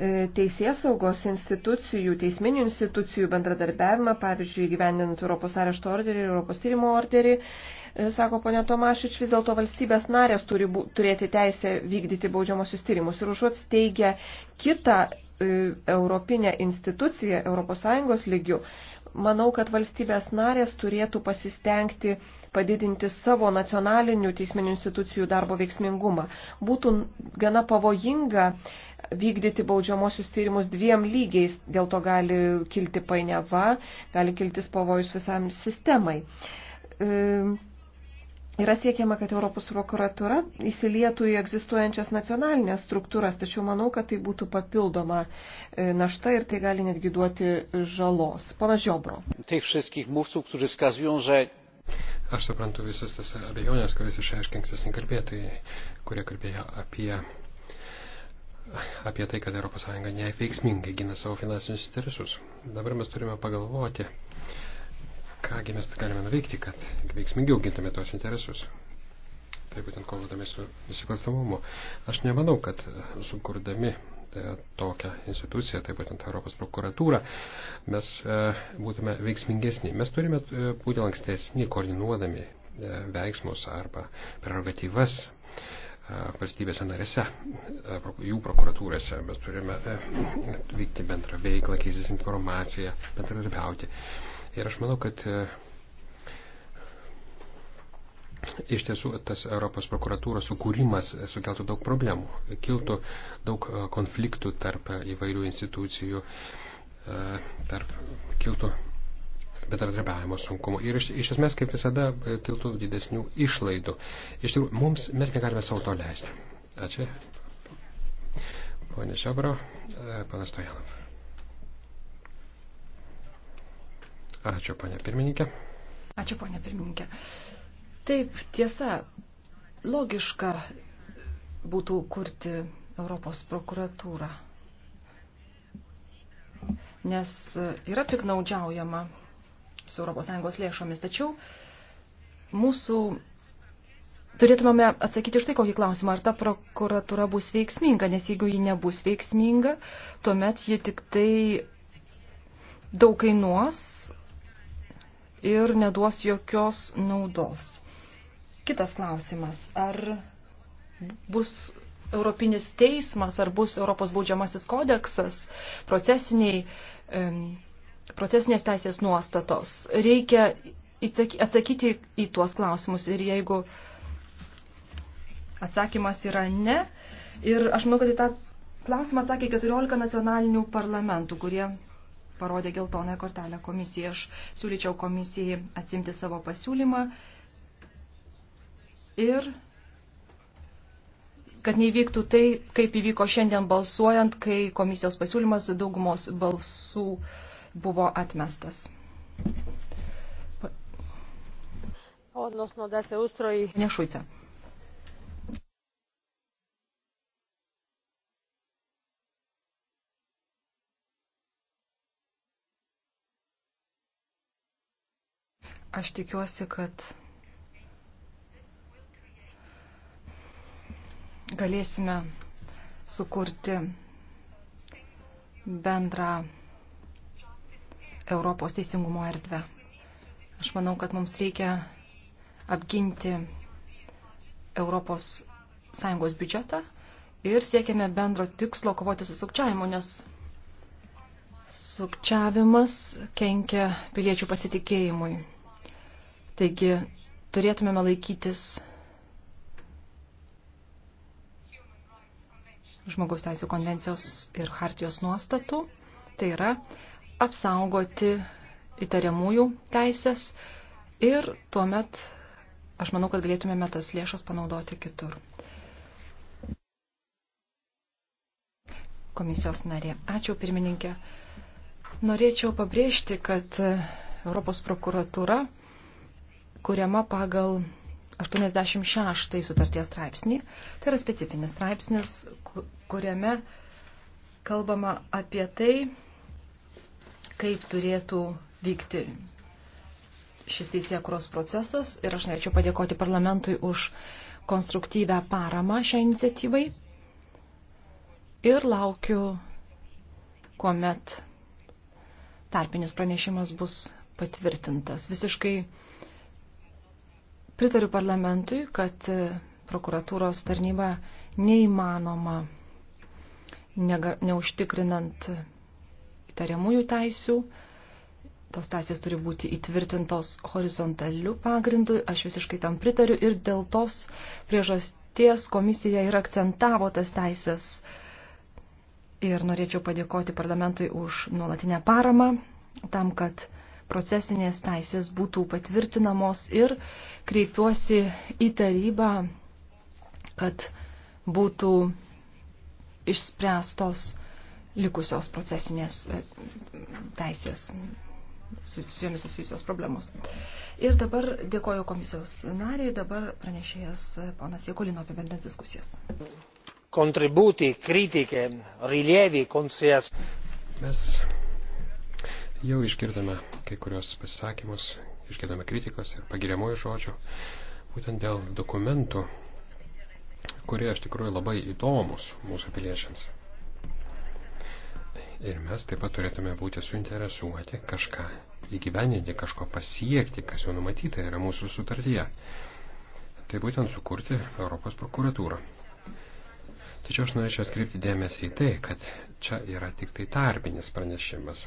E, teisės saugos institucijų, teisminių institucijų bendradarbiavimą, pavyzdžiui, gyvendinant Europos arešto orderį ir Europos tyrimo orderį. E, sako ponė Tomašič, vis dėlto valstybės narės turi bu, turėti teisę vykdyti baudžiamosius tyrimus ir užuot steigia kitą e, europinę instituciją ES lygių, manau, kad valstybės narės turėtų pasistengti padidinti savo nacionalinių teisminių institucijų darbo veiksmingumą. Būtų gana pavojinga vykdyti baudžiamosius tyrimus dviem lygiais, dėl to gali kilti painiava, gali kiltis pavojus visam sistemai. E, yra siekiama, kad Europos prokuratura įsilietų į egzistuojančias nacionalinės struktūras, tačiau manau, kad tai būtų papildoma e, našta ir tai gali netgi duoti žalos. Pana Žiobro. Aš suprantu visas tas abejonės, kuris išaiškink sesin kalbėtojai, kurie kalbėjo apie apie tai, kad ES neveiksmingai gina savo finansinius interesus. Dabar mes turime pagalvoti, kągi mes galime nuveikti, kad veiksmingiau gintume tos interesus. Tai būtent kovodami su nusikalstamumu. Aš nemanau, kad sukurdami e, tokią instituciją, taip būtent Europos prokuratūrą, mes e, būtume veiksmingesni. Mes turime e, būti lankstesni, koordinuodami veiksmus arba prerogatyvas E, valstybėse narėse, e, jų prokuratūrose. Mes turime e, vykti bendrą veiklą, keistis informaciją, bendradarbiauti. Ir aš manau, kad iš tiesų tas Europos prokuratūros sukūrimas sukeltų daug problemų, kiltų daug konfliktų tarp įvairių institucijų, tarp kiltų bendradarbiavimo sunkumų ir iš, iš esmės, kaip visada, kiltų didesnių išlaidų. Iš tikrųjų, mums mes negalime savo to leisti. Ačiū. Pone Šabro, e, panas Stojanov. Ačiū, ponė pirmininkė. Ačiū, ponė pirmininkė. Taip, tiesa, logiška būtų kurti Europos prokuratūrą, nes yra piknaudžiaujama su ES lėšomis. Tačiau mūsų turėtumėme atsakyti štai kokį klausimą, ar ta prokuratūra bus veiksminga, nes jeigu ji nebus veiksminga, tuomet ji tik tai daug kainuos ir neduos jokios naudos. Kitas klausimas, ar bus Europinis teismas, ar bus Europos baudžiamasis kodeksas, procesiniai procesinės teisės nuostatos. Reikia atsakyti į tuos klausimus ir jeigu atsakymas yra ne, ir aš manau, kad į tą klausimą atsakė 14 nacionalinių parlamentų, kurie parodė geltoną kortelę komisijai. Aš siūlyčiau komisijai atsimti savo pasiūlymą ir kad nevyktų tai, kaip įvyko šiandien balsuojant, kai komisijos pasiūlymas daugumos balsų uh, buvo atmestas. Odnosno, da se ustroji... Ne Šuica. Aš tikiuosi, kad galėsime sukurti bendrą Europos teisingumo erdvę. Aš manau, kad mums reikia apginti Europos Sąjungos biudžetą ir siekiame bendro tikslo kovoti su sukčiavimu, nes sukčiavimas kenkia piliečių pasitikėjimui. Taigi turėtumėme laikytis žmogaus teisų konvencijos ir hartijos nuostatų. Tai yra, apsaugoti įtariamųjų teisės ir tuomet aš manau, kad galėtumėme tas lėšas panaudoti kitur. Komisijos narė. Ačiū, pirmininkė. Norėčiau pabrėžti, kad Europos prokuratura kuriama pagal 86 sutarties straipsnį. Tai yra specifinis straipsnis, kuriame kalbama apie tai, kaip turėtų vykti šis teisėkuros procesas ir aš norėčiau padėkoti parlamentui už konstruktyvę paramą šią iniciatyvai ir laukiu, kuomet tarpinis pranešimas bus patvirtintas. Visiškai pritariu parlamentui, kad prokuratūros tarnyba neįmanoma neužtikrinant įtariamųjų teisių. Tos teisės turi būti įtvirtintos horizontaliu pagrindu, aš visiškai tam pritariu ir dėl tos priežasties komisija ir akcentavo tas teisės. Ir norėčiau padėkoti parlamentui už nuolatinę paramą, tam, kad procesinės teisės būtų patvirtinamos ir kreipiuosi į tarybą, kad būtų išspręstos likusios procesinės e, teisės su jomis susijusios problemos. Ir dabar dėkoju komisijos nariai, dabar pranešėjas e, ponas Jekolino apie bendras diskusijas. Kontributi, kritikė, rilievi, konsijas. Mes jau išgirdome kai kurios pasisakymus, išgirdome kritikos ir pagiriamojų žodžių, būtent dėl dokumentų, kurie iš tikrųjų labai įdomus mūsų piliečiams. Ir mes taip pat turėtume būti suinteresuoti kažką įgyveninti, kažko pasiekti, kas jau numatyta yra mūsų sutartyje. Tai būtent sukurti Europos prokuratūrą. Tačiau aš norėčiau atkreipti dėmesį į tai, kad čia yra tik tai tarpinis pranešimas.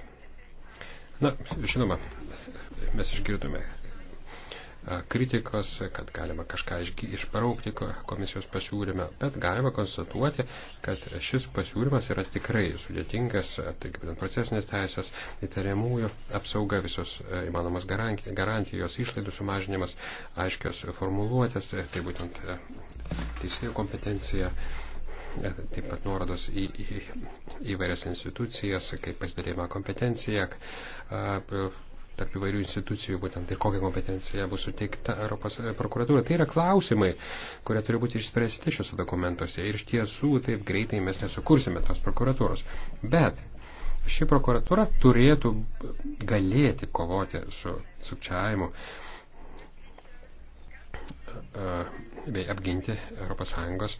Na, žinoma, mes išgirdome E, kritikos, kad galima kažką išbraukti komisijos pasiūlyme, bet galima konstatuoti, kad šis pasiūlymas yra tikrai sudėtingas, e, taigi būtent procesinės teisės, įtariamųjų apsauga, visos e, įmanomos garantijos, išlaidų sumažinimas, aiškios formuluotės, tai būtent teisėjų kompetencija. Taip pat nuorodos į, į įvairias institucijas, kaip pasidalėjimą kompetenciją, tarp įvairių institucijų būtent ir kokią kompetenciją bus suteikta Europos e, prokuratūra. Tai yra klausimai, kurie turi būti išspręsti šiuose dokumentuose. Ir iš tiesų taip greitai mes nesukursime tos prokuratūros. Bet ši prokuratūra turėtų galėti kovoti su sukčiavimu e, bei apginti ES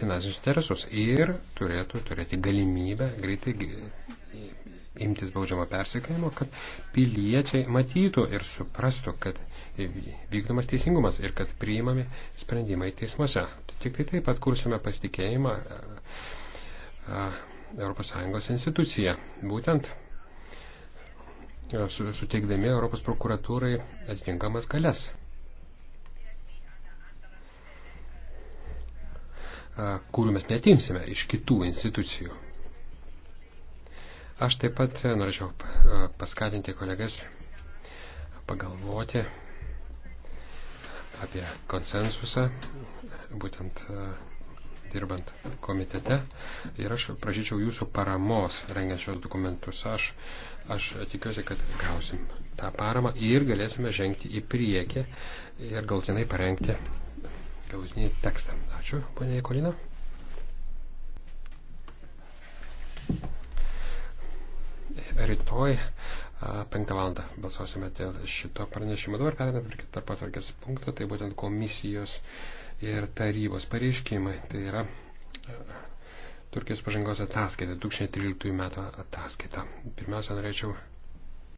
finansinius interesus ir turėtų turėti galimybę greitai imtis baudžiamo persikėjimo, kad piliečiai matytų ir suprastų, kad vykdomas teisingumas ir kad priimami sprendimai teismuose. Tik tai taip atkursime pasitikėjimą ES instituciją. Būtent suteikdami Europos prokuratūrai atitinkamas galės. kurių mes netimsime iš kitų institucijų. Aš taip pat e, norėčiau e, paskatinti kolegas pagalvoti apie konsensusą, būtent e, dirbant komitete. Ir aš prašyčiau jūsų paramos rengiant šios dokumentus. Aš, aš tikiuosi, kad gausim tą paramą ir galėsime žengti į priekį ir galtinai parengti galutinį tekstą. Ačiū, ponė Kolina rytoj 5 val. balsuosime dėl šito pranešimo. Dabar perėdame prie kitą patvarkės punktą, tai būtent komisijos ir tarybos pareiškimai. Tai yra Turkijos pažangos ataskaita, 2013 metų ataskaita. Pirmiausia, norėčiau